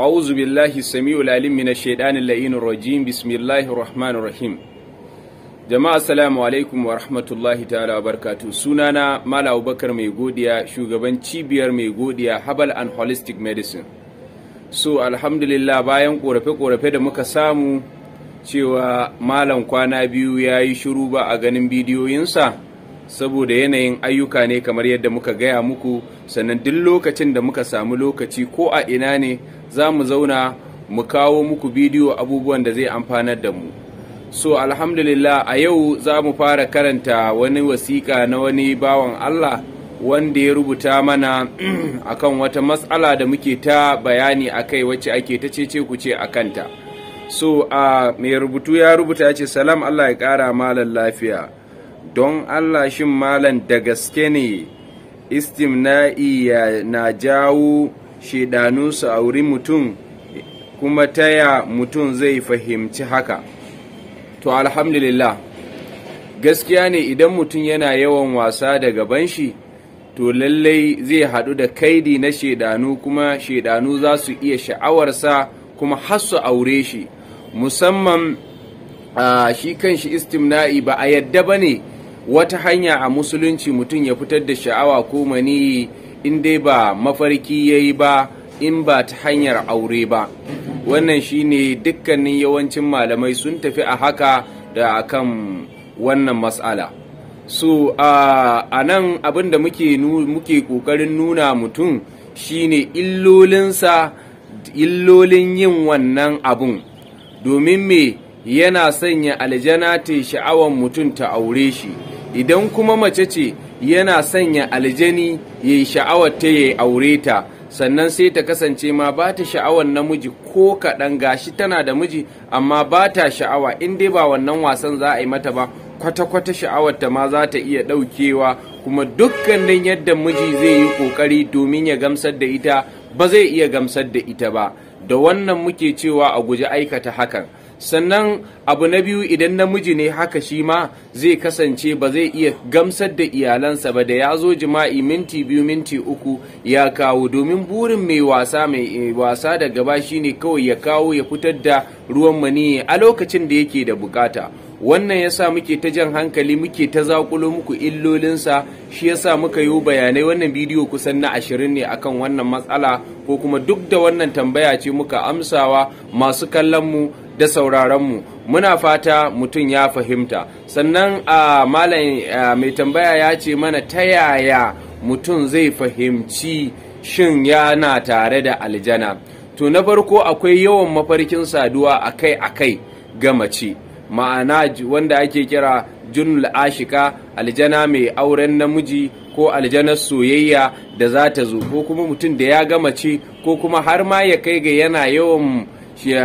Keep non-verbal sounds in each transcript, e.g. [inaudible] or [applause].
أعوذ بالله السميع العليم من الشيطان اللعين الرجيم بسم الله jama'a assalamu alaikum wa rahmatullahi ta'ala barkatu sunana mala abubakar mai godiya shugaban cibiyar mai godiya habal and holistic medicine so alhamdulillah bayan korafe-korafe da muka samu cewa malam kwana biyu ya yi shiru ba a ganin bidiyoyinsa saboda yanayin ayyuka ne kamar yadda muka gaya muku sannan duk lokacin da muka samu lokaci ko a ina ne za mu zauna mu kawo muku bidiyo abubuwan da zai amfanar da mu so alhamdulillah a yau za mu fara karanta wani wasiƙa na wani bawan allah wanda ya rubuta mana [clears throat] akan wata matsala da muke ta bayani a kai wacce ake ta cece ku ce a kanta so a uh, mai rubutu ya rubuta ya ce salam allah ya ƙara malan lafiya don allah shin malan da gaske ne istimna'i na jawo shidanunsu su auri mutum kuma taya mutum zai fahimci haka to alhamdulillah gaskiya ne idan mutum yana yawan wasa da gaban shi to lallai zai haɗu da kaidi na shidanu kuma shidanu za su iya sha'awarsa kuma har su aure shi musamman shi kan shi istimna'i ba a yadda ba ne wata hanya a musulunci mutum ya fitar da sha'awa ko maniyi in dai ba mafarki ya yi ba in ba ta hanyar aure ba wannan shine dukkanin yawancin malamai sun tafi a haka da akan wannan matsala so a nan abin da muke ƙoƙarin kokarin nuna mutum shine illolinsa illolin yin wannan abun domin me yana sanya aljana ta sha'awan mutum ta aure shi idan kuma mace ce yana sanya aljani ya yi sha'awar ta ya aure ta sannan sai ta kasance ma ba ta sha'awar namiji ko kaɗan gashi tana da miji amma ba ta sha'awa in dai ba wannan wasan za a yi mata ba kwata-kwata sha'awar ta ma za ta iya ɗaukewa kuma dukkanin yadda miji zai yi ƙoƙari domin ya gamsar da ita ba zai iya gamsar da ita ba da wannan muke cewa a guji aikata hakan sannan abu na biyu idan namiji ne haka shi ma zai kasance ba zai iya gamsar da iyalansa ba da ya zo jima'i minti biyu minti uku ya kawo domin burin mai wasa mai eh, wasa da gaba shine kawai ya kawo ya fitar da ruwan maniyi a lokacin da yake da bukata wannan yasa muke ta jan hankali muke ta zakulo muku illolinsa shi yasa muka yi bayanai wannan bidiyo kusan na ashirin ne akan wannan matsala ko kuma duk da wannan tambaya ce muka amsawa masu kallon mu da sauraronmu muna fata mutum ya fahimta sannan a malam mai tambaya ya ce mana ta yaya mutum zai fahimci shin yana tare da aljana to na farko akwai yawan mafarkin saduwa akai-akai ga mace ma'ana wanda ake kira junul ashika aljana mai auren namiji ko aljanar soyayya da za ta zo ko kuma mutum da ya ga mace ko kuma har ma ya kai ga yana yawan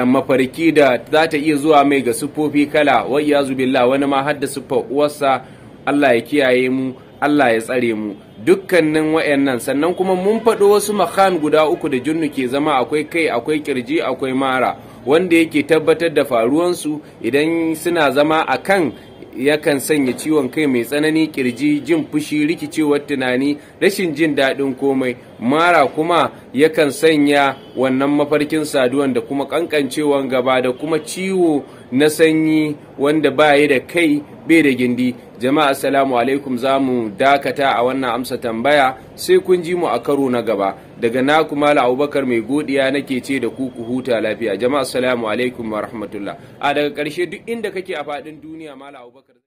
mafarki da za ta iya zuwa mai ga siffofi kala ya ya billah wani ma hadda siffar uwarsa Allah ya kiyaye mu Allah ya tsare mu dukkanin wayannan sannan kuma mun faɗo wasu makan guda uku da junnu ke zama akwai kai akwai kirji akwai mara wanda yake tabbatar da faruwansu idan suna zama a kan. yakan sanya ciwon kai mai tsanani kirji jin fushi rikicewar tunani rashin jin daɗin komai mara kuma yakan sanya wannan mafarkin saduwan da kuma kankancewan gaba da kuma ciwo na sanyi wanda baya da kai bai da gindi jama'a assalamu alaikum za mu dakata a wannan amsa tambaya sai kun ji mu a karo na gaba daga na kuma abubakar mai godiya nake ce da ku ku huta lafiya jama'a assalamu alaikum wa rahmatullah a daga ƙarshe duk inda kake a faɗin duniya mala ابو بكر